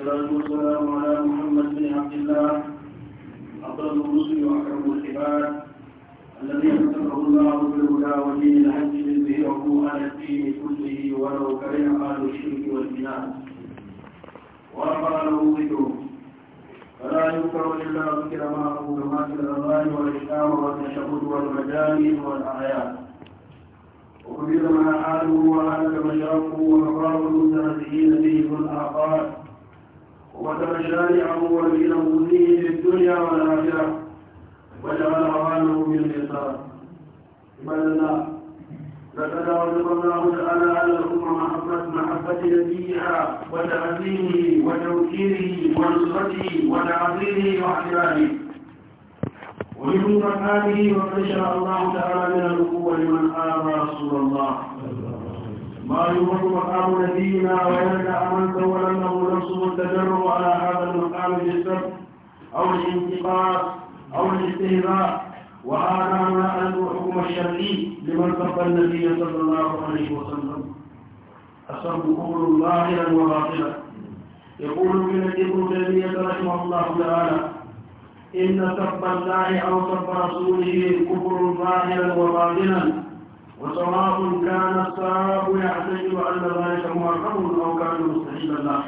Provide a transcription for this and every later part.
والسلام والسلام على محمد بن عبد الله أفضل الرسل وأكرم العباد الذي أمسكه الله بالهدى ودين الحج ليظهره على الدين كله ولو كره أهل الشرك والبلاد ورفع له ذكره فلا يذكر إلا ذكر معه كما في الأذان والإسلام والتشهد والمجالس والأعياد وكبير ما حاله وهلك مشرفه ومقام المتنبئين به في الآفاق وتمشارعه وبين وجوده في الدنيا والآخرة وجعل اوانه بالنصاب عباد الله لقد وجب الله تعالى على الأمة محبة محبة نبيها وتعزيه وتوكيله ونصرته وتعظيمه واحترامه ومن مكانه وما شاء الله تعالى من الأخوة لمن آوى رسول الله ما يمر مقام نبينا ويلدأ أو الانتقاص أو الاستهزاء وهذا مناقض الحكم الشرعي لمن سب النبي صلى الله عليه وسلم السب قول ظاهرا وباطلا يقول ابن ابن تيمية رحمه الله تعالى إن سب الله أو سب رسوله كفر ظاهرا وباطلا وسواء كان الصواب يعتقد أن ذلك محرم أو كان مستحيلا له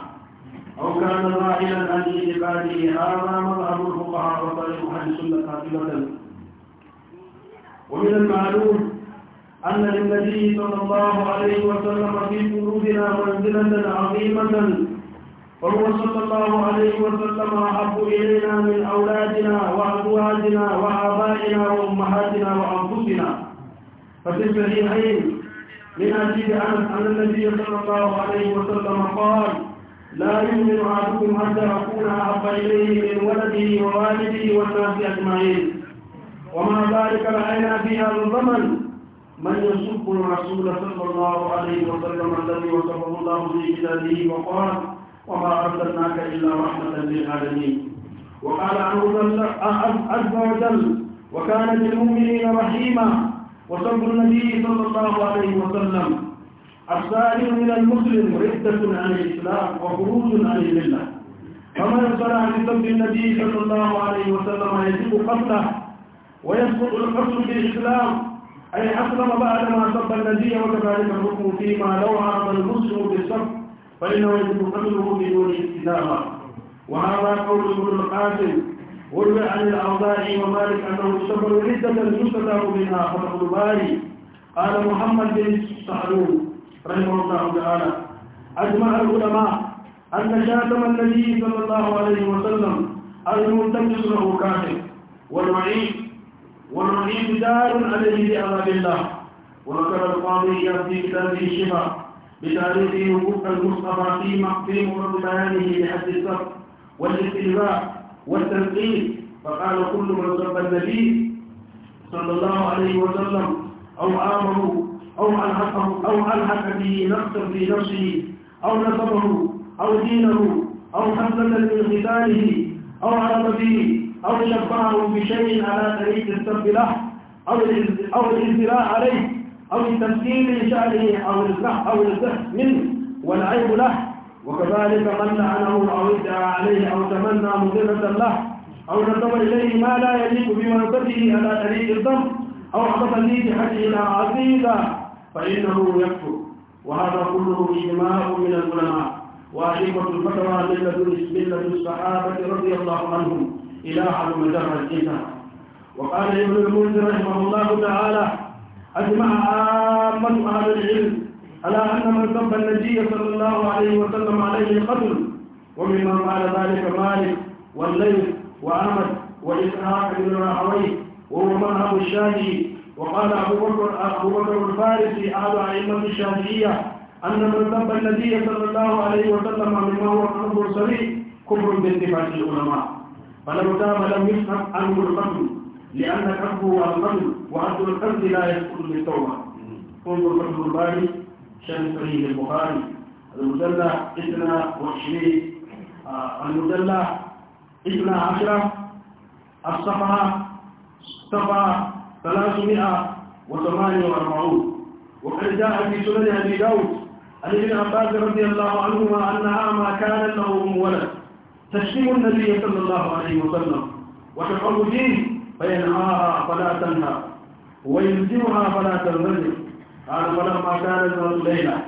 أو كان ظاهرا عن اعتقاده هذا مذهب الفقهاء وطريق أهل السنة قاتلة ومن المعلوم أن للنبي صلى الله عليه وسلم في قلوبنا منزلة عظيمة فهو صلى الله عليه وسلم أحب إلينا من أولادنا وأزواجنا وآبائنا وأمهاتنا وأنفسنا ففي الصحيحين من أجل أن النبي صلى الله عليه وسلم قال لا يؤمن أحدكم حتى أكون أحب إليه من ولده ووالده والناس أجمعين وما ذلك رأينا في هذا الزمن من يسب الرسول صلى الله عليه وسلم الذي وصفه الله في كتابه وقال وما أرسلناك إلا رحمة للعالمين وقال عز وجل وكان للمؤمنين رحيما وصب النبي صلى الله عليه وسلم الثاني من المسلم ردة عن الإسلام وخروج عن الملة فمن صنع بسبب النبي صلى الله عليه وسلم يجب قتله ويسقط القتل الإسلام أي أسلم بعدما سب النبي وكذلك الحكم فيما لو عرض المسلم بالسب فإنه يجب قتله بدون استدامة وهذا قول ابن القاسم وروي عن الأوضاعي ومالك أنه سبب ردة يستدام منها فتح الباري قال محمد بن سعدون رحمه الله تعالى أجمع العلماء أن شاتم النبي صلى الله عليه وسلم المنتكس له كافر والوعيد والوعيد دار عليه بعذاب الله وذكر القاضي يأتي في كتابه الشفاء بتاريخ وقوف المصطفى في في مورد بيانه لحد السر والاستهزاء والتنقيب فقال كل من سب النبي صلى الله عليه وسلم أو آمره أو ألحقه أو ألحق به نقصا في نفسه أو نصبه أو دينه أو حسنا من قتاله أو عرض به أو شفعه بشيء على طريق السب له أو أو الازدراء عليه أو تمثيل شأنه أو الزح أو الزح منه والعيب له وكذلك من لعنه أو ادعى عليه أو تمنى مضرة له أو نسب إليه ما لا يليق بمنصبه على طريق الضم أو لي بحج إلى عزيزة فإنه يكفر وهذا كله إجماع من العلماء وأئمة الفتوى ملة الصحابة رضي الله عنهم إلى أحد مجرى الجنة وقال ابن المنذر رحمه الله تعالى أجمع عامة أهل العلم على أن من سب النبي صلى الله عليه وسلم عليه قتل وممن فعل ذلك مالك والليث وأحمد وإسحاق بن راهويه وهو مذهب الشافعي وقال أبو بكر أبو بكر الفارسي على أئمة الشافعية أن من سب النبي صلى الله عليه وسلم مما هو قلب صريح كفر باتفاق العلماء فلو تاب لم يسحب عنه القتل لأن هو القتل وأصل القتل لا يسقط بالتوبة انظر فتح الباري شرح صحيح البخاري المجلة اثنى وعشرين آه، المجلة اثنى عشرة الصفحة سبعة ثلاثمائة وثمانية وأربعون وقد جاء في سنن أبي داود عن ابن عباس رضي الله عنهما أن أعمى كان له أم ولد تشتم النبي صلى الله عليه وسلم وتقر فيه فينهاها فلا تنهى ويلزمها فلا تلزم قال فلما كانت ليلة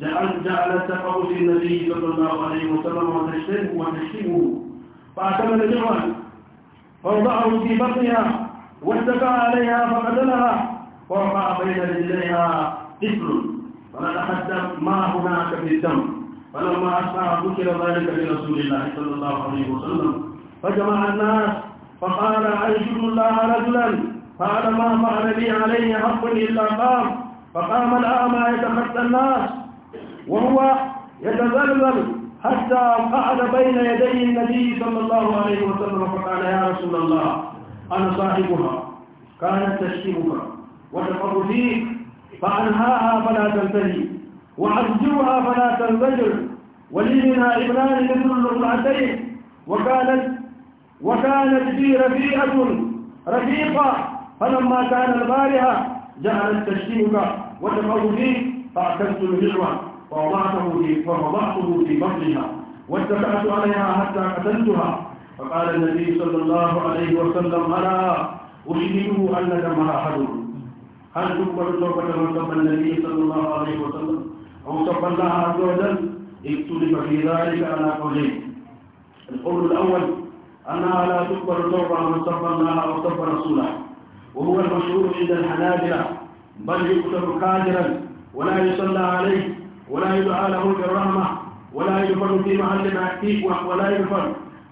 جعلت جعلت تقر في النبي صلى الله عليه وسلم وتشتمه وتشتمه فاعتمد جمعا فوضعه في بطنها واتقى عليها فقتلها ورفع بين رجليها طفل فلا تحدث ما هناك في الدم فلما أسمع ذكر ذلك لرسول الله صلى الله عليه وسلم فجمع الناس فقال أنشد الله رجلا قال ما فعل لي عليه حق إلا قام فقام الأعمى يتخطى الناس وهو يتزلزل حتى قعد بين يدي النبي صلى الله عليه وسلم فقال يا رسول الله أنا صاحبها كانت تشتمك وتقر فيك فأنهاها فلا تنتهي وعزوها فلا تنزجر ولي منها ابنان مثل الرضعتين وكانت وكانت بي رفيقة رفيقة فلما كان البارحة جعلت تشتمك وتقر فيك فأكلت الهجرة فوضعته في فوضعته في بطنها واتبعت عليها حتى قتلتها فقال النبي صلى الله عليه وسلم أنا أشهد أنك ما أحد هل تقبل توبة من قبل النبي صلى الله عليه وسلم أو سب الله عز وجل اكتب في ذلك على قولين القول الأول أنها لا تقبل توبة من قبل الله أو قبل رسوله وهو المشهور عند الحنابلة بل يكتب كادرا ولا يصلى عليه ولا يدعى له بالرحمة ولا يدخل في معلم معتيق ولا يدخل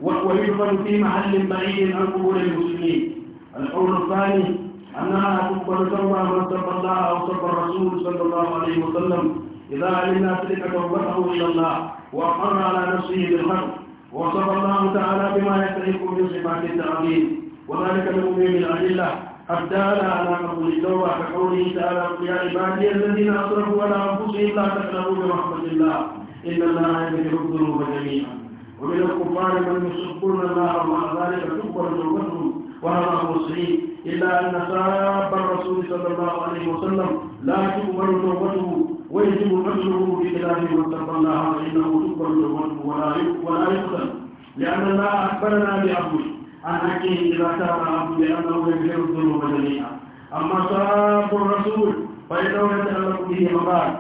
ويدخل في محل بعيد عن قبور المسلمين القول الثاني أنها تقبل توبة من سب الله أو سب الرسول صلى الله عليه وسلم إذا علمنا تلك توبته إلى الله وأقر على نفسه بالخلق وصف الله تعالى بما يستحق من صفات التعظيم وذلك من أمم الأدلة قد دال على قبول التوبة كقوله تعالى يا عبادي الذين اصرفوا على أنفسهم لا تكرهوا برحمة الله إن الله يغفر الذنوب جميعا ومن الكفار من يسبون الله ومع ذلك تكبر توبتهم وهذا هو الصحيح إلا أن ساب الرسول صلى الله عليه وسلم لا تكبر توبته ويجب قتله بخلافه واتقى الله فإنه تكبر توبته ولا ولا يقتل لأن الله أخبرنا بعبده عن حكيه إذا تاب عبده لأنه يغفر الذنوب جميعا أما ساب الرسول فإنه يتعلق به مبادئ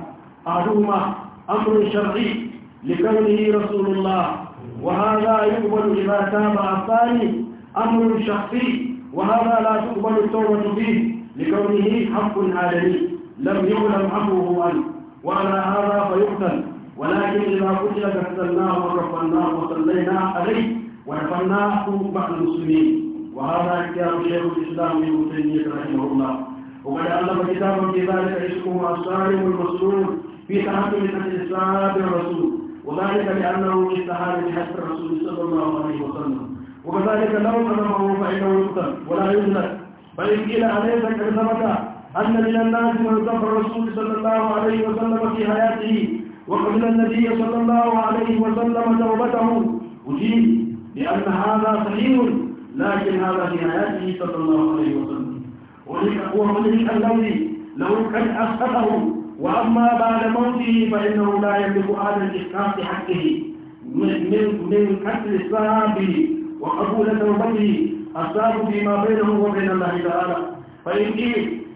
أحدهما أمر شرعي لكونه رسول الله وهذا يقبل إذا تاب الثاني أمر شخصي وهذا لا تقبل التوبة فيه لكونه حق آدمي لم يعلم حقه عنه وعلى هذا فيقتل ولكن إذا قتل قتلناه وكفلناه وصلينا عليه ورفعناه مع المسلمين وهذا اختيار شيخ الإسلام ابن تيمية رحمه الله وقد ألف كتابا في ذلك اسمه الصالح المسرور في تحكم الإسلام الرسول وذلك لأنه في استهانة الرسول صلى الله عليه وسلم وكذلك لو ظلمه فإنه يقتل ولا يذلك إن قيل أليس قد ثبت أن من الناس من ذكر الرسول صلى الله عليه وسلم في حياته وقبل النبي صلى الله عليه وسلم توبته أجيب لأن هذا صحيح لكن هذا في حياته صلى الله عليه وسلم ومن الذي لو قد أسقطه وأما بعد موته فإنه لا يملك احد الإحقاق بحقه من من قتل صاحبه وقبول توبته الصادق فيما بينه وبين الله تعالى فإن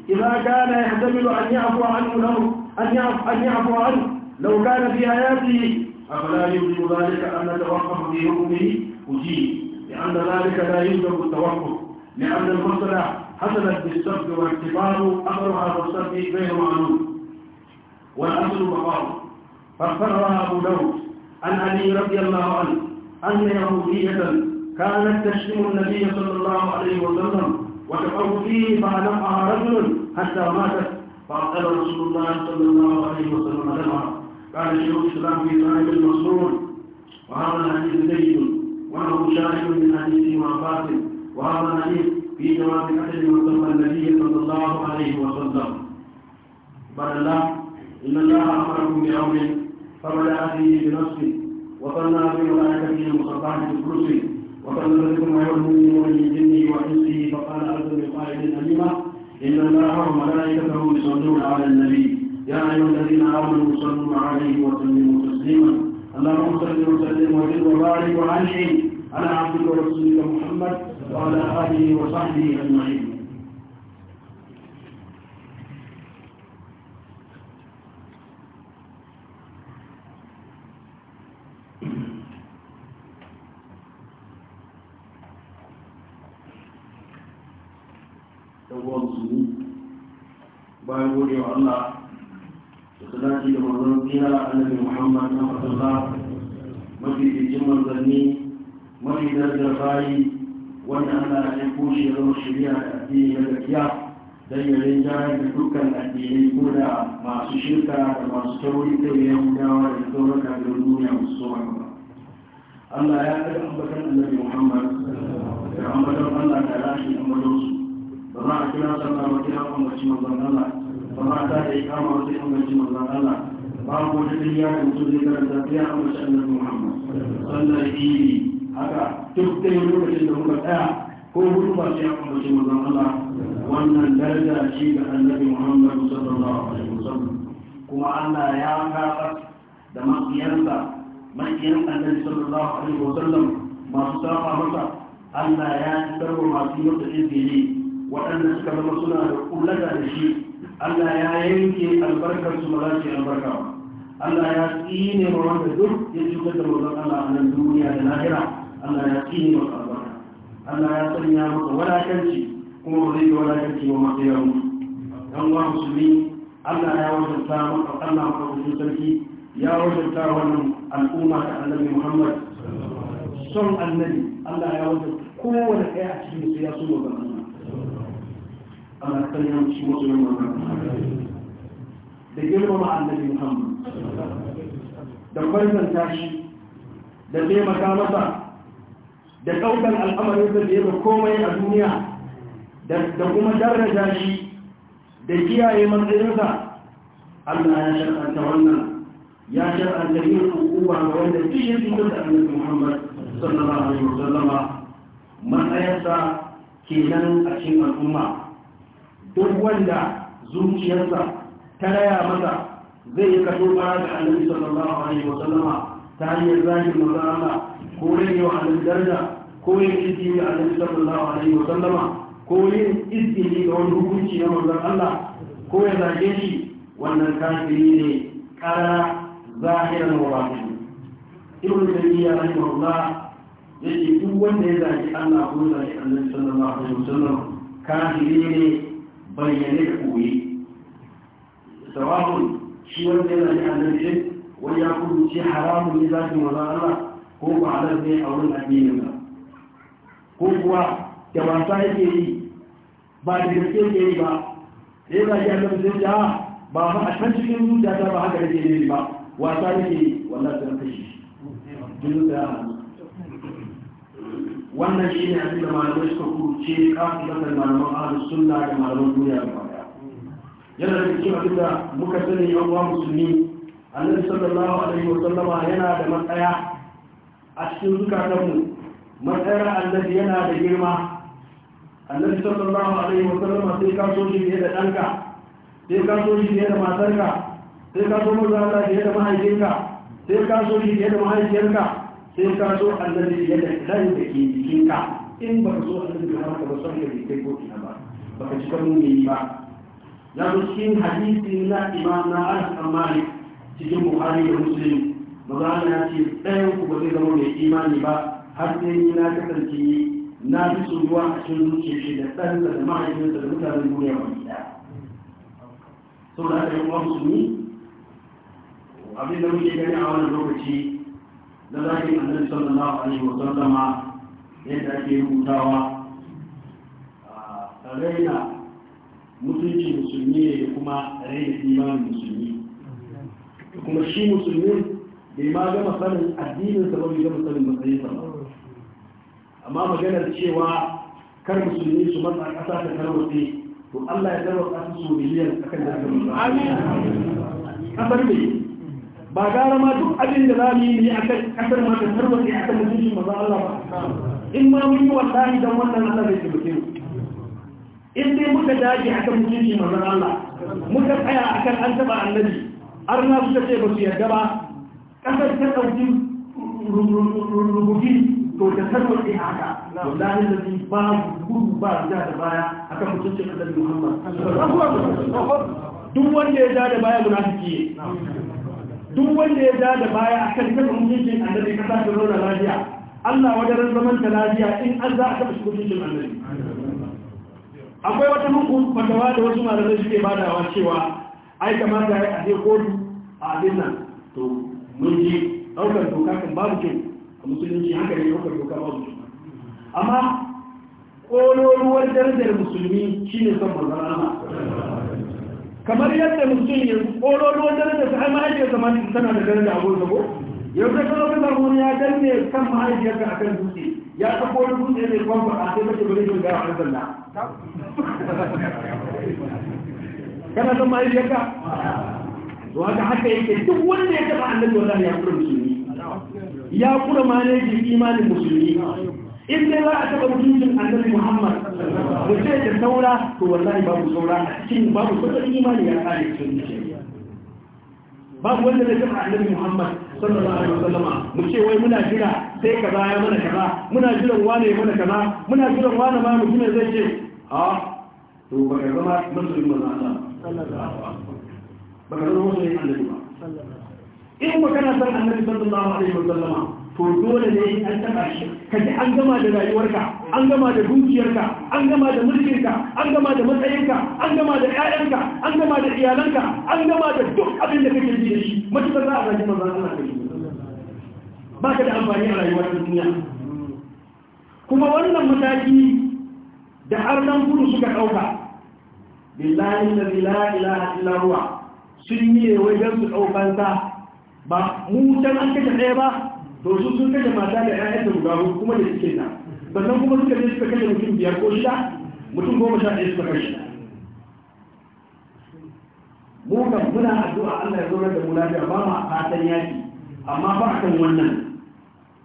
إذا كان يحتمل أن يعفو عنه له أن يعفو, أن يعفو عنه لو كان في حياته أفلا يمكن ذلك أن نتوقف في حكمه وجيه لأن ذلك لا يوجب التوقف لأن المصلحة حصلت بالصبر والاعتبار أمرها بالصبر غير معلوم والأصل مقام فاقترها أبو داود عن علي رضي الله عنه أن يهودية كانت تشتم النبي صلى الله عليه وسلم وتقر فيه فعلقها رجل حتى ماتت فأقتل رسول الله صلى الله عليه وسلم دمها قال شيخ الإسلام في صاحب المسرور وهذا الحديث جيد وله شاهد من حديث وفاته وهذا الحديث في جواب أحد من النبي صلى الله عليه وسلم قال الله إن الله أمركم بأمر فبدأ فيه بنفسه وصلى بملائكته المصطفى بكرسه وصلى بكم ويوم من الجن وإنسه فقال أرسل بقائد أليمة إن الله وملائكته يصلون على النبي يا أيها الذين آمنوا صلوا عليه وسلموا تسليما اللهم صل وسلم وزد وبارك وأنعم على عبدك ورسولك محمد وعلى آله وصحبه أجمعين musulmi bayan gode wa Allah da dace da manzon tsira annabi Muhammad na Fasalla mafi cikin manzanni mafi darajar bayi wanda Allah ya kushe ya zama shirya da addini na gaskiya dan ya jari da dukkan addinai ko da masu shirka da masu tauri kai ya hudawa da sauran kafin duniya musu so ba Allah ya kada ambatan annabi Muhammad da ambatan Allah da rashi ambatansu ba za a kira sallah ba sai an ambaci mazan Allah ba za a ta kama ikama ba sai an ambaci manzon Allah babu wata duniya da mutum zai karanta sai an ambaci annabi Muhammad sallar idi haka duk dai lokacin da muka tsaya ko hudu ba sai an ambaci mazan Allah wannan daraja shi ga annabi Muhammad sallallahu alaihi wasallam kuma Allah ya gafar da maƙiyarsa maƙiyar annabi sallallahu alaihi wasallam masu saba masa Allah ya tarwa masu yau da izini waɗanda suka zama suna da kullata da shi Allah ya yanke albarkar su ba za su albarka ba Allah ya tsine ma wanda duk ya cutar da manzon Allah a nan duniya da lahira Allah ya tsine ma albarka Allah ya sanya masa wadatanci kuma ba zai yi wadatanci ba masu yawa dan uwa musulmi Allah ya wajenta maka Allah ma maka sarki ya wajenta wannan al'umma da annabi Muhammad son annabi Allah ya wajenta kowane ɗaya a cikin su ya so manzon Allah ta yi musu musulun wannan da girmama annabi Muhammad da kwanzanta shi da taimaka masa da ɗaukar al'amarin da ya komai a duniya da kuma daraja shi da kiyaye matsayinsa Allah ya shar'anta wannan ya shar'anta yin hukuma ga wanda cikin cikin da annabi Muhammad a yi wasallama matsayarsa kenan a cikin al'umma duk wanda zuciyarsa ta raya masa zai kaso ba ga annabi sallallahu alaihi wa sallama ta hanyar zagin manzon ko yin wa a daraja ko yin izi ga annabi sallallahu alaihi wa sallama ko yin ne ga wani hukunci na manzon Allah ko ya zage shi wannan kafiri ne kara zahiran wa batin ibnu tayyiba rahimahullah yace duk wanda ya zage Allah ko zage annabi sallallahu alaihi wa sallam kafiri ne bayyane da koyi sababu shi wanda yana ne annabce wani ya kudu ce haramun ne za ki maza Allah ko ba halar ne a wurin addinin ba ko kuwa da wasa yake yi ba da gaske yake yi ba sai ya ki annabce ta ah, ba ba a can cikin zuciya ta ba haka yake yi ba wasa yake yi wannan sun kashi jinu da wannan shi ne abin da malamai suka kuce kafin da malaman ahalus sunna da malaman duniya ba yana da cikin abin da muka sani yan uwa musulmi annabi sallallahu alaihi wa sallama yana da matsaya a cikin zukatanmu matsayar annabi yana da girma annabi sallallahu alaihi wa sallama sai ka so shi ne da ɗanka sai ka so shi ne da matarka sai ka so maza Allah ne da mahaifinka sai ka so shi ne da mahaifiyarka sai ka so annabi ya da kai da ke jikinka in ba ka so annabi ya maka ba son da bai kai ko ina ba ba ka cika yi ba ya zo cikin hadisi na imam na samari amali cikin buhari da muslim za ya ce ɗayan ku ba zai zama mai imani ba har sai ni na kasance na fi ruwa a cikin zuciya shi da ɗansa da mahaifinsa da mutanen duniya ba ɗaya saboda haka yi kuma musulmi abin da muke gani a wannan lokaci na zaki annabi na wani wa sallama yadda ake rubutawa a raina mutunci musulmi ne kuma raina imanin musulmi kuma shi musulmi bai ma ga masanin addinin sa ba bai gama masanin matsayin sa ba amma maganar cewa kar musulmi su matsa ƙasa ta tarwatse to Allah ya tarwatsa su miliyan akan da aka musulmi Amin. ba gara ma duk abin da za mu yi ne a kan kasar ma da tarwace a kan mutuncin maza Allah ba in ma mun yi wallahi don wannan Allah zai tabbake in dai muka dage a kan mutuncin maza Allah muka tsaya a kan an taɓa annabi har na suka ce ba su yarda ba kasar ta ɗauki rubuki to ta tarwace haka wallahi da zai ba gudu ba ja da baya a kan mutuncin annabi Muhammad duk wanda ya da baya munafiki ne duk wanda ya da baya a kan taɓa mutuncin annabi ka ta zauna lafiya Allah wajen zaman ta lafiya in an za a taɓa shi mutuncin annabi akwai wata muku fatawa da wasu malamai suke badawa cewa ai kamata ya aje kotu a abin nan to mun ji ɗaukar doka kan babu kyau a musulunci haka ne ɗaukar doka babu kyau amma ƙololuwar darajar musulmi shine son manzon Allah kamar yadda mutum ya ƙololo daraja ta ai mahaifiyarsa ma tana da daraja da gurin ko yau da kawo kan wani ya danne kan mahaifiyar a akan dutse ya ta wani dutse mai kwamfa a sai mace bari shiga a zalla kana san ka to haka haka yake duk wanda ya taba annabi wallahi ya kura musulmi ya kura ma manejin imanin musulmi in dai za a taɓa mutuncin annabi muhammad da ce da saura to wallahi babu saura a cikin babu sauran imani ya kare cikin zuciya babu wanda zai taɓa annabi muhammad sallallahu alaihi wasallama mu ce wai muna jira sai ka ya mana kaza muna jiran wane ya mana kaza muna jiran wane ma mutum zai ce a ah, to ba ka zama musulmi manzo Allah ba ka zama musulmi annabi ba in ba kana san annabi sallallahu alaihi wasallama to dole ne an taba shi ka ji an gama da rayuwarka an gama da dukiyarka an gama da mulkinka an gama da matsayinka an gama da ƴaƴanka an gama da iyalanka an gama da duk abin da kake ji da shi matukar za a zaki manzon Allah kai ba ka da amfani a rayuwar duniya kuma wannan mataki da har nan gudu suka ɗauka billahi da la ilaha illa huwa sun yi wajen su ɗaukansa ba mu can an kace ɗaya ba to su sun kashe mata da ƴaƴan da guda kuma da suke na sannan kuma suka je suka kashe mutum biyar ko shida mutum goma sha ɗaya suka kashe mu kan muna addu'a Allah ya zaunar da mu lafiya ba ma fatan yaki amma ba kan wannan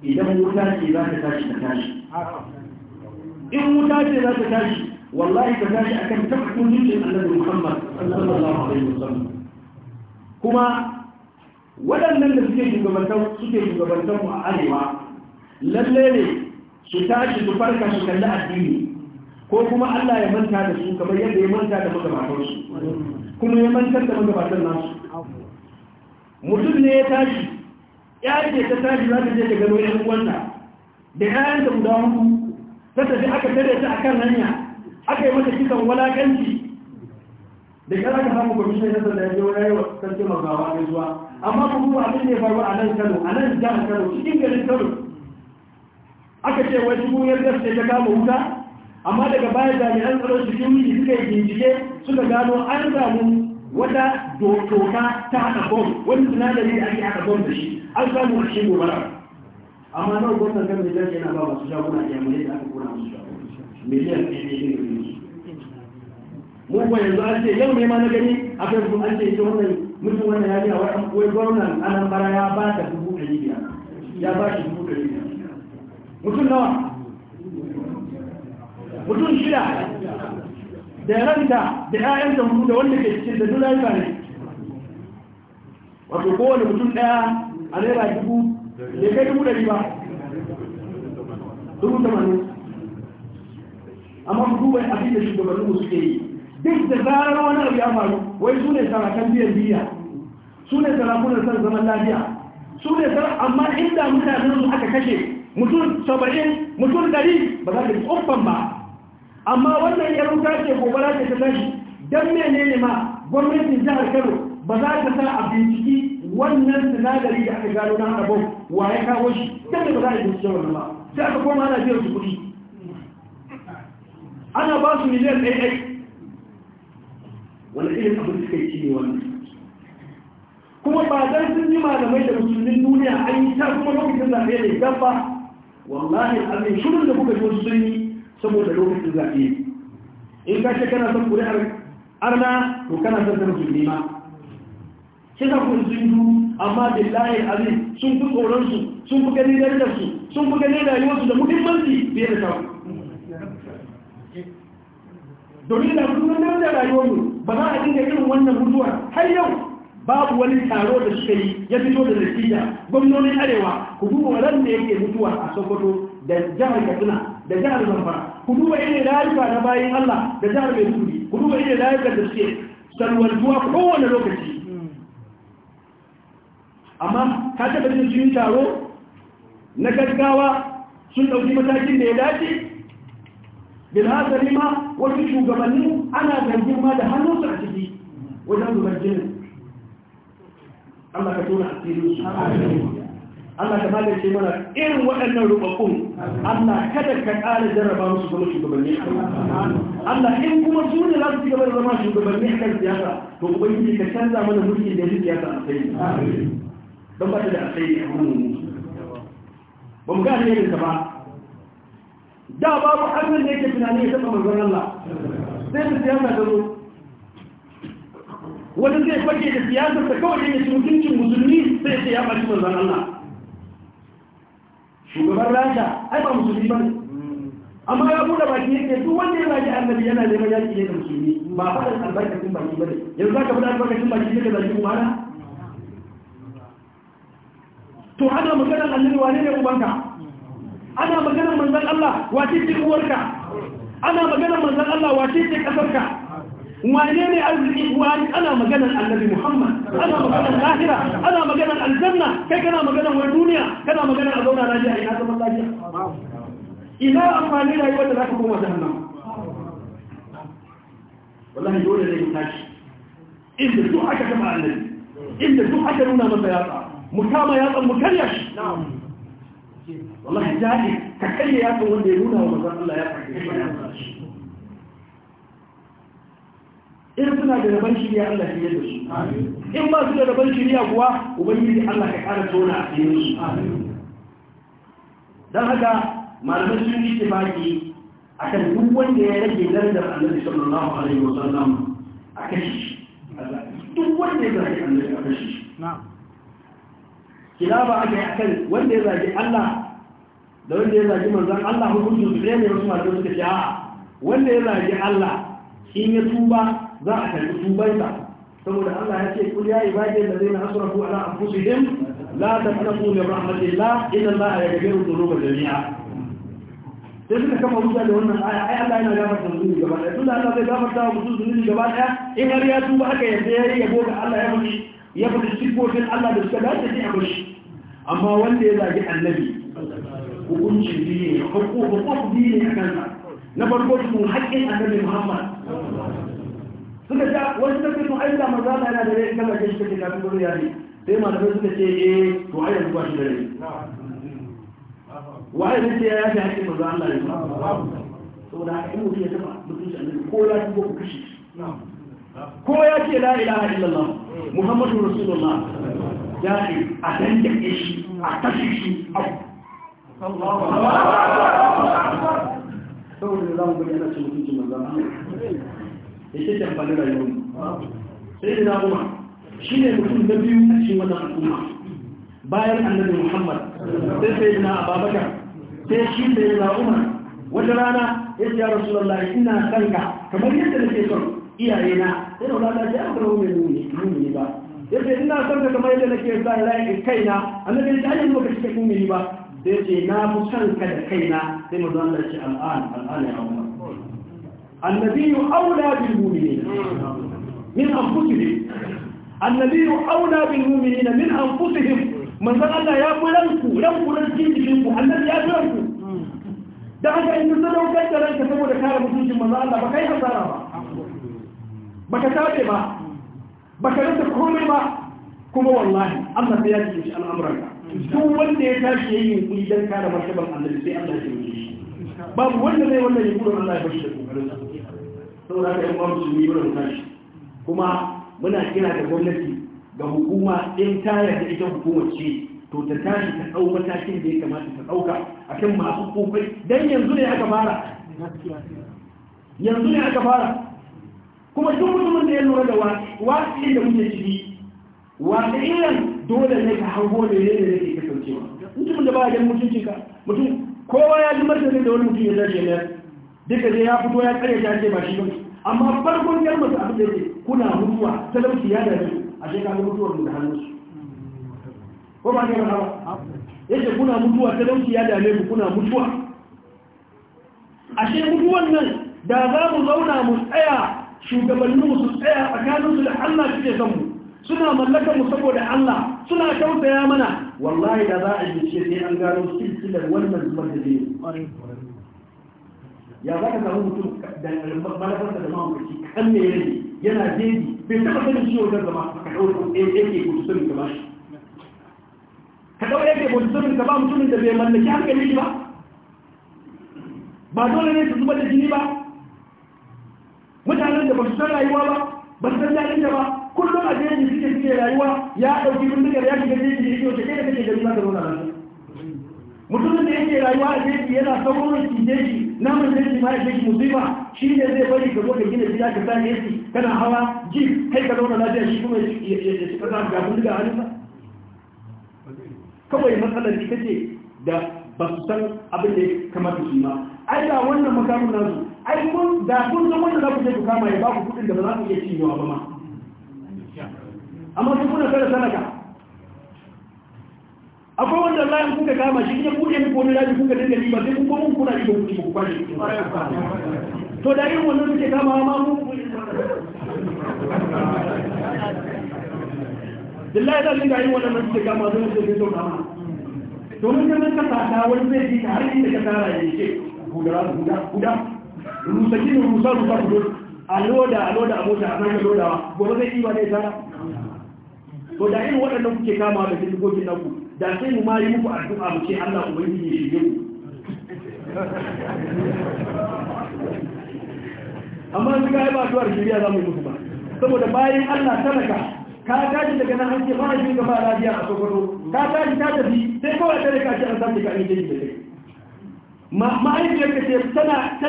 idan wuta ce za ta tashi ta tashi in wuta ce za ta tashi wallahi ta tashi akan tabbacin jikin annabi Muhammad sallallahu alaihi wasallam kuma waɗannan da suke shugabantar suke shugabantar mu a arewa lalle ne su tashi su farka su kalli addini ko kuma Allah ya manta da su kamar yadda ya manta da magabatar su kuma ya manta da magabatar nasu mutum ne ya tashi ya ce ta tashi za ta je ta gano yan uwanta da ƴaƴan da guda hudu ta tafi aka tare ta akan hanya aka yi mata kisan walakanci da kira ka samu kwamishin yasa da ya wani yawa sarki mazawa mai zuwa amma ku kuma abin da ya faru a nan kano a nan jihar kano cikin garin kano aka ce wai dubu yar gaske ta kama wuta amma daga baya jami'an tsaron yi suka yi bincike suka gano an samu wata doka ta haɗa bom wani sinadari da ake haɗa bom da shi an samu a shigo gobara amma nawa gwamnan kan mai jirgin yana ba masu shaguna a yamurai da aka kura masu shaguna miliyan ɗaya ne ne ne mu kuma yanzu an ce yau ne ma na gani a facebook an ce ita wannan mutum wannan ya biya wani wai gwamnan anambara ya ba ta dubu ɗari biyar ya ba shi dubu ɗari biyar mutum nawa mutum shida da ranta da ƴaƴan da da wanda ke cikin da duna ya ne wato kowane mutum ɗaya a naira dubu da kai dubu ɗari ba dubu tamanin amma dubu bai abin da shugabanninmu suke yi duk da zarar wani abu ya faru wai su ne sarakan biyan biya su ne sarakunan san zaman lafiya su ne sarar amma inda mutanen su aka kashe mutum saba'in mutum dari ba za ka yi tsoffan ba amma wannan ya ruta ce gobara ce ta tashi don ne ma gwamnatin jihar kano ba za ka sa a binciki wannan sinadari da aka gano na abu wa ya kawo shi don ba za a yi binciki wannan ba sai aka koma ana biyar su kuɗi ana ba su miliyan ɗaya wani irin abu suka yi ne wannan kuma ba dan sun yi malamai da musulmin duniya an yi ta kuma lokacin zaɓe da dan ba wallahi mai shirin da kuka ji sun yi saboda lokacin zaɓe in ka ce kana son ƙuri'ar arna to kana son da musulmi ma sai ka kun sun yi amma lahir abin sun fi tsoronsu, sun fi gani darajar sun fi gani rayuwarsu da muhimmanci fiye da sauran domin da kun san darajar rayuwar ba za a dinga irin wannan mutuwar har yau babu wani taro da suka yi ya fito da nasiya gwamnonin arewa ku duba ran da yake mutuwa a sokoto da jihar katsina da jihar zamfara ku duba irin rayuka na bayan allah da jihar turi ku duba irin rayuka da suke salwantuwa kowane lokaci amma ka taɓa jin taro na gaggawa sun ɗauki matakin da ya dace bilhassari ma wasu shugabanni ana zargin ma da hannunsu a ciki wajen zubar jinin Allah ka tona a cikin su Allah ka bada ce mana irin waɗannan rubabbun Allah kada ka ƙara jarraba musu zama shugabanni Allah in kuma su ne za su ci gaba da zama shugabanni a kan siyasa to kuma ubangiji ka canza mana mulki da yin siyasa a sai don ba ta da a asali a hannun mu ba mu gane irin ka ba da babu hannun da yake tunani ya taɓa manzon Allah sai su siyasa ta zo wani zai fage da siyasa ta kawai ne yake mutuncin musulmi sai sai ya ɓaci manzon Allah shugaban rasha ai ba musulmi ba ne amma ya buɗe baki yake duk wanda ya zaki annabi yana neman yaki ne da musulmi ba faɗin albarkacin baki ba ne yanzu za ka fi faɗa albarkacin baki ne da zaki umara to ana maganar annabi wane ne ubanka ana maganar manzan Allah wace ce uwarka ana maganar manzan Allah wace ce kasarka wane ne arziki wani ana maganar annabi Muhammad ana maganar lahira ana maganar aljanna kai kana maganar wani duniya kana maganar a zauna lafiya ina zaman lafiya ina amfani rayuwar da za ka koma jahannama wallahi dole ne mu tashi inda duk aka kama annabi inda duk aka nuna masa yatsa mu kama yatsan mu karya shi wallahi jari ka karya ya kan wanda ya nuna wa mazan Allah ya karya in suna da rabar shirya Allah shi yadda su in ba su da rabar shirya kuwa ubangiji Allah ka kara tona a cikin su dan haka malamai sun yi tibaki akan duk wanda ya rage da Annabi sallallahu alaihi wasallam akan shi duk wanda ya rage Annabi akan shi na'am kila ba aka a akan wanda ya zagi Allah da wanda ya zagi manzan, Allah hukuncin su ne wasu masu suka ce a'a wanda ya zagi Allah in ya tuba za a karbi tubansa saboda Allah ya ce kul ya ibadi allazina asrafu ala anfusihim la taqnatu min rahmatillah inna Allah yaghfiru dhunuba jami'a sai suka kama wuta da wannan aya ai Allah yana gafarta zunubi gaba ɗaya tunda Allah zai gafarta wa mutum zunubi gaba ɗaya in har ya tuba aka yarda yayi yabo ga Allah ya mutu ya fi sifofin Allah da suka dace ne a mashi amma wanda ya zagi annabi hukuncin biyu ne hukuku biyu ne a kansa na farko cikin haƙƙin annabi muhammad suka ta wasu da kuma aida maza da yana da rai kan da shi kake kafin gudu yare sai malamai suka ce eh to ai yanzu ba shi da rai waye ne ce ya fi haƙƙin maza Allah ne saboda haka in mutum ya taba shi annabi ko ya ko ku kashe ko ya ce la ilaha illallah muhammadu rasulullah ya ce a dandake shi a tashi shi abu saboda za mu gani ana ce mutunci manzan ya ce tamfani rayuwar sai da kuma shi ne mutum na biyu a cikin wannan al'umma bayan annabi muhammad sai sai a ababakar sai shi da ya umar wata rana ya ce ya rasulallah ina sanka kamar yadda ke son iyayena sai da wani ya fara wani mumini ba ya ce ina son ka kamar yadda nake sa rayu kaina annabi ya ce ai baka cika mumini ba sai ce na fi son ka da kaina sai manzo Allah ya ce al'an al'an ya umma annabi aula bil mu'minin min anfusihim annabi aula bil mu'minina min anfusihim manzo Allah ya fi ranku ranku ran cikin ku annabi ya fi ranku da haka in ka sadaukar da ranka saboda kare mutuncin manzo Allah ba kai hasara ba baka tabe ba baka rasa komai ba kuma wallahi Allah sai ya ji al'amuranka duk wanda ya tashi yayi yunkuri dan kare martaban annabi sai Allah ya yi shi babu wanda zai wannan yunkurin Allah ya bashi da kokarin sa saboda haka in ba mu yi wannan tashi kuma muna kira da gwamnati ga hukuma in taya da ita hukumar ce to ta tashi ta dau matakin da ya kamata ta dauka akan masu kokari dan yanzu ne aka fara yanzu ne aka fara kuma duk mutumin da ya lura da wasu da muke ciki wasu irin dole ne ka hango da ne da yake kasancewa mutumin da ba a ganin mutuncin ka mutum kowa ya ji martani da wani mutum ya zaje ne duka zai ya fito ya tsare ta ce ba shi bane amma farkon kalmar su abin da yake kuna mutuwa talauci ya dame a shekaru mutuwar mu da hannunsu ko ba ne ba ce kuna mutuwa talauci ya dame ku kuna mutuwa ashe mutuwan nan da za mu zauna mu tsaya shugabannin su tsaya tsakanin tsakaninsu da Allah suke son mu suna mallakar mu saboda Allah suna tausaya mana wallahi da za a bincike sai an gano silsilar wannan zubar da zai ya za ka samu mutum da malafarsa da mawakaci kan ne yare yana jeji bai taɓa sanin ciwo da zama ka ɗaukar eh, eh, yake kudu sanin ka ba shi ka ɗaukar yake kudu sanin ka ba mutumin da bai mallaki hankali ba ba dole ne su zubar da jini ba mutanen da ba su san rayuwa ba ba su san daɗin da ba kullum a jeji suke suke rayuwa ya ɗauki bindigar ya shiga jeji ya wace kai da kake gari za ka zauna lafiya mutumin da yake rayuwa a jeji yana sauran ki jeji namun jeji ma ya jeji musulma shi ne zai bari ka zo ka gina gida ka sani yasi kana hawa ji kai ka zauna lafiya shi kuma ya ka kasa ga bindiga a hannunsa kawai matsalar ita ce da ba su san abin da ya kamata su yi ma ai ga wannan makamin nasu ai kun da kun san wanda za ku je ku kama ya ba ku kuɗin da ba za ku iya cinyewa ba ma amma duk kuna kada sanaka akwai wanda Allah ya kuka kama shi ya kuɗe ni ko ni rabi kuka dinga riba sai kun mun kuna riba kuɗi ku kwashe to da irin wannan suke kama ma mu billahi da dinga irin wannan suke kama don su yi to kama domin kana ka ta wani zai ji har inda ka tara yake guda guda guda rusa gini rusa rusa ku a loda a loda a mota a zanga lodawa gobe zai iya ne sana to da irin waɗannan kuke kama da na ku, da sai mu ma yi muku addu'a mu ce Allah ubangiji ya shige ku amma su ga ba su shirya za mu mutu ba saboda bayan allah talaka ka tashi daga nan hanke ba a shirka ba lafiya a sokoto ka tashi ta tafi sai kawai talaka ce an samu ka an gini da kai ma'aikiyar ka ce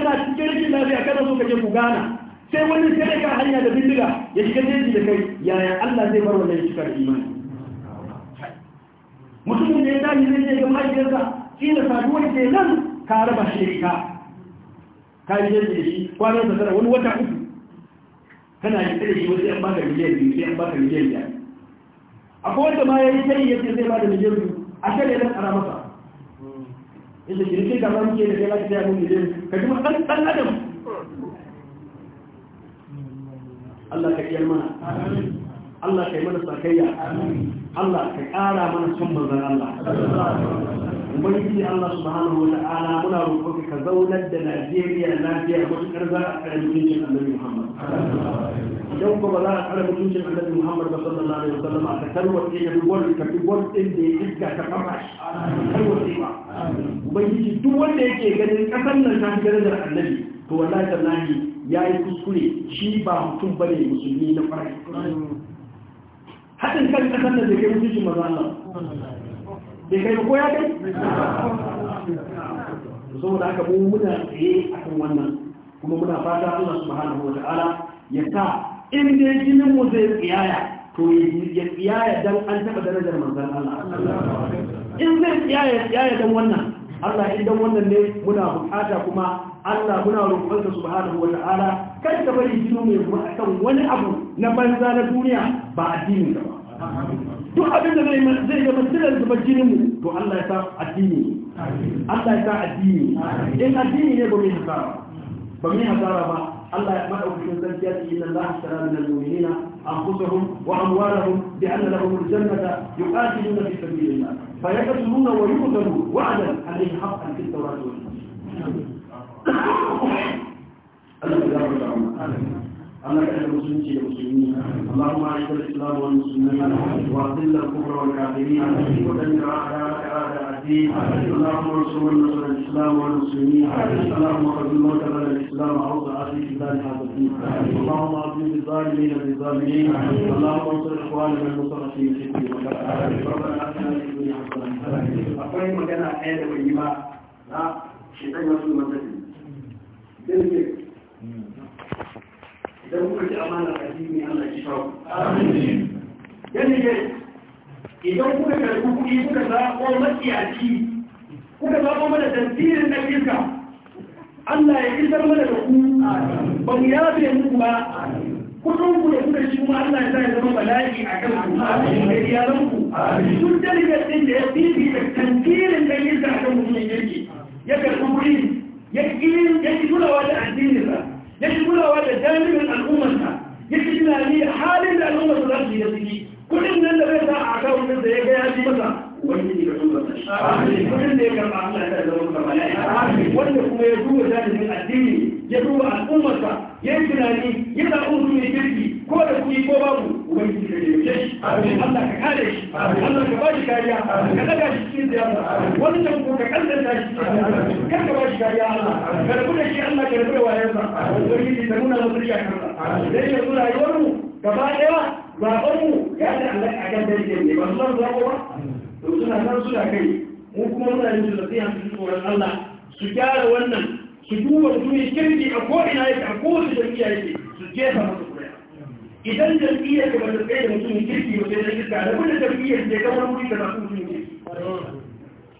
tana cikin rikin lafiya kada so ka je ku gana sai wani sai ka hanya da bindiga ya shiga jeji da kai yaya Allah zai bar wannan cikar imani mutumin da ya dani zai je ga mahaifiyarsa kila saduwar ke nan ka raba shi ka ka yi jeji da shi kwanan da tara wani wata uku kana yi tsere shi wasu yan baka miliyan biyu sai yan baka miliyan biyar akwai wanda ma ya yi sai ya ce zai ba da miliyan biyu a shirya nan ara masa yadda shirkin ka zan ke da kai lafiya mun gidan ka ji ɗan ɗan adam Allah ka kiyar mana Allah ka yi mana sakayya Allah ka ƙara mana son manzan Allah ubangiji Allah subhanahu wa ta'ala muna roƙon ka zaunar da Najeriya lafiya matuƙar za a ƙarfi cikin Annabi Muhammad idan ko ba za a kare mutuncin annabi Muhammad ba sallallahu alaihi wasallam ka tarwace ya duwar ka duwar din da ya iska ta kafa tarwace ba ubangiji duk wanda yake ganin kasan nan ta gidan da annabi to wallahi ya yi kuskure shi ba mutum ba ne musulmi na farai hadin kan kasan nan da ke mutuncin manzo Allah bai kai ko ya kai saboda haka mu muna tsaye akan wannan kuma muna fata Allah subhanahu wa ta'ala ya sa in dai jinin mu zai tsiyaya to ya tsiyaya dan an taɓa darajar manzan Allah in zai tsiyaya tsiyaya dan wannan Allah in dan wannan ne muna bukata kuma Allah muna roƙonsa subhanahu wa ta'ala kar ka bari jinin mu akan wani abu na banza na duniya ba addinin ba duk abin da zai zai ga matsalar zubar jinin mu to Allah ya sa addini Allah ya sa addini in addini ne ba mai hasara ba mai hasara ba الله يأمره بالجنة إن الله اشترى من المؤمنين أنفسهم وأموالهم بأن لهم الجنة يقاتلون في سبيل الله فيقتلون ويقتلون وعدا عليه حقا في التوراة والإنجيل. الله يبارك على أهل المسلمين اللهم أعز الإسلام والمسلمين وأذل الكفر والكافرين ودمر أعداء أعداء الدين اللهم انصر نصر الإسلام والمسلمين اللهم قد مرتبة الإسلام عوض أخي في هذا الدين اللهم أعظم الظالمين بالظالمين اللهم انصر إخواننا المستضعفين في الدين ربنا آتنا في الدنيا حسنة أقول مكانها حياة والجماعة لا شيطان يوصل المنزل idan kuka ji amana a addini Allah ya shawo amin yanni ne idan kuka karbi kuɗi kuka zaɓo matsiyaci kuka zaɓo mana tasirin na iska Allah ya isar mana da ku ba mu yafe muku ba kudin ku da kuka shi kuma Allah ya sa ya zama bala'i a kan ku da iyalan ku sun dalibar din da ya fifi da tasirin na iska a kan mutumin kirki ya karbi kuɗi ya ƙi nuna wata addininsa yake kulawa da jami'in al'ummarsa yake tunani da halin da al'ummar su za su yi da ciki kudin nan da zai sa a akawun da ya ga ya ji masa wani ne da ya kama wanda kuma ya duba jami'in addini ya duba al'ummarsa ya yi tunani ya zaɓi mutum ne kirki ko da kudi ko babu Allah ka kare shi Allah ka ba shi kariya ka daga shi cikin siyasa wani can ko ka kallanta shi kar ka ba shi kariya Allah ka rabu da shi Allah ka rabu da wayansa ubangiji ta nuna a kan kansa dai yanzu rayuwar mu gaba daya zaɓar mu ya da Allah a kan dare ne ba su zaɓo ba to suna nan suna kai mu kuma muna yin su nasiha su tsoron Allah su gyara wannan su duba su ne kirki a ina yake a kowace jam'iyya yake su jefa masa إذا التنبيه كما تبقيه مصوني كيفي وكذا كيفي على كل تنبيه إذا كما نقول كما نقول كيفي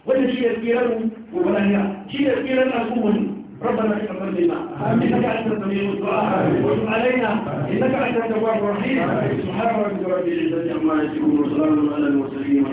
وإن شيء الكيران وولا هيا شيء الكيران أقول ربنا في قبل الله آمين إنك أنت من الدعاء وصل علينا إنك أنت الجواب الرحيم سبحان ربك رب العزة عما يشركون وسلام على المرسلين